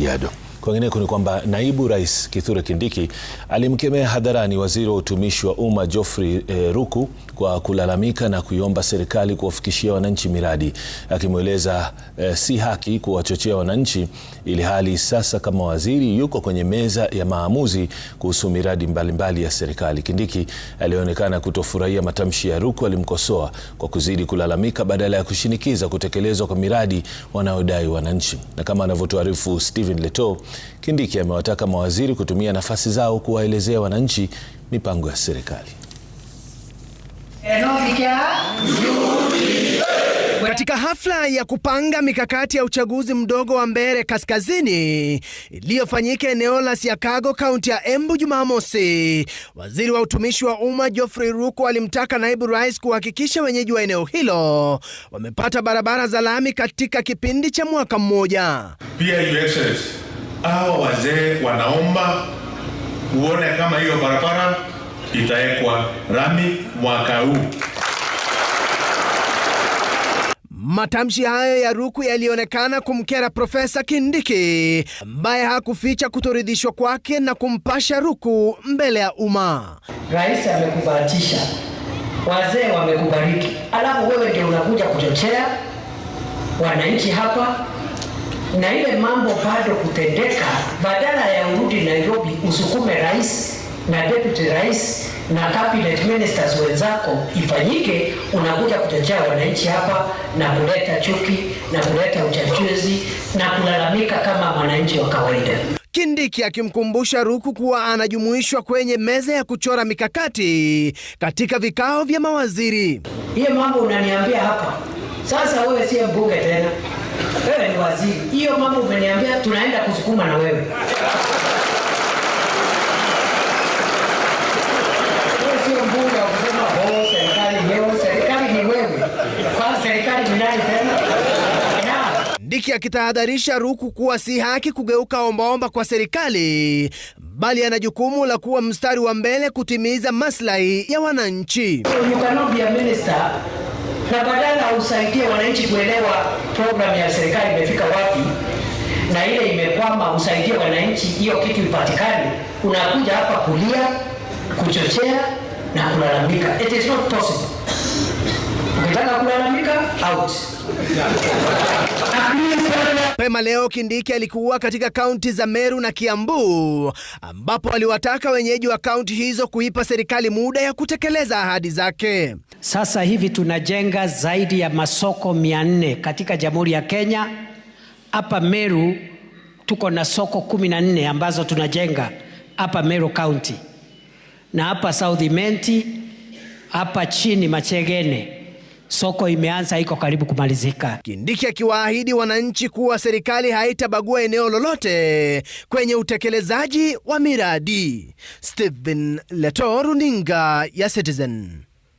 Yado. Kwingineko ni kwamba naibu rais Kithure Kindiki alimkemea hadharani waziri wa utumishi wa umma Geoffrey eh, Ruku kwa kulalamika na kuiomba serikali kuwafikishia wananchi miradi, akimweleza eh, si haki kuwachochea wananchi, ili hali sasa kama waziri yuko kwenye meza ya maamuzi kuhusu miradi mbalimbali mbali ya serikali. Kindiki alionekana kutofurahia matamshi ya Ruku, alimkosoa kwa kuzidi kulalamika badala ya kushinikiza kutekelezwa kwa miradi wanaodai wananchi, na kama anavyotuarifu Stephen Leto Kindiki amewataka mawaziri kutumia nafasi zao kuwaelezea wananchi mipango ya serikali. Katika hafla ya kupanga mikakati ya uchaguzi mdogo wa Mbeere Kaskazini iliyofanyika eneo la Siakago, kaunti ya Embu Jumamosi, waziri wa utumishi wa umma Geoffrey Ruko alimtaka naibu rais kuhakikisha wenyeji wa eneo hilo wamepata barabara za lami katika kipindi cha mwaka mmoja. Pia hawa wazee wanaomba kuona kama hiyo barabara itawekwa rami mwaka huu. Matamshi hayo ya Ruku yalionekana kumkera Profesa Kindiki ambaye hakuficha kutoridhishwa kwake na kumpasha Ruku mbele ya umma. Rais amekubahatisha, wazee wamekubariki, alafu wewe ndio unakuja kuchochea wananchi hapa na ile mambo bado kutendeka, badala ya urudi Nairobi usukume rais na deputy rais na cabinet ministers wenzako ifanyike, unakuja kuchochea wananchi hapa na kuleta chuki na kuleta uchachuzi na kulalamika kama mwananchi wa kawaida. Kindiki akimkumbusha Ruku kuwa anajumuishwa kwenye meza ya kuchora mikakati katika vikao vya mawaziri. Hiyo mambo unaniambia hapa sasa, wewe siye mbunge tena. Wewe ni waziri, hiyo mambo umeniambia, tunaenda kusukuma na wewe sio mbunge wa kusema oh, serikali leo. Serikali ni wewe, kwa serikali ni nani tena? Ndiki akitahadharisha Ruku kuwa si haki kugeuka ombaomba kwa serikali, bali ana jukumu la kuwa mstari wa mbele kutimiza maslahi ya wananchi. So na badala usaidie wananchi kuelewa programu ya serikali imefika wapi na ile imekwama, usaidie wananchi hiyo kitu ipatikane, unakuja hapa kulia, kuchochea na kulalamika. It is not possible. Ukitaka kulala out. Mapema leo Kindiki alikuwa katika kaunti za Meru na Kiambu ambapo aliwataka wenyeji wa kaunti hizo kuipa serikali muda ya kutekeleza ahadi zake. Sasa hivi tunajenga zaidi ya masoko 400 katika Jamhuri ya Kenya. Hapa Meru tuko na soko 14 ambazo tunajenga hapa Meru County na hapa South Menti, hapa chini Machegene. Soko imeanza iko karibu kumalizika. Kindiki akiwaahidi wananchi kuwa serikali haitabagua eneo lolote kwenye utekelezaji wa miradi. Stephen Leto, runinga ya Citizen.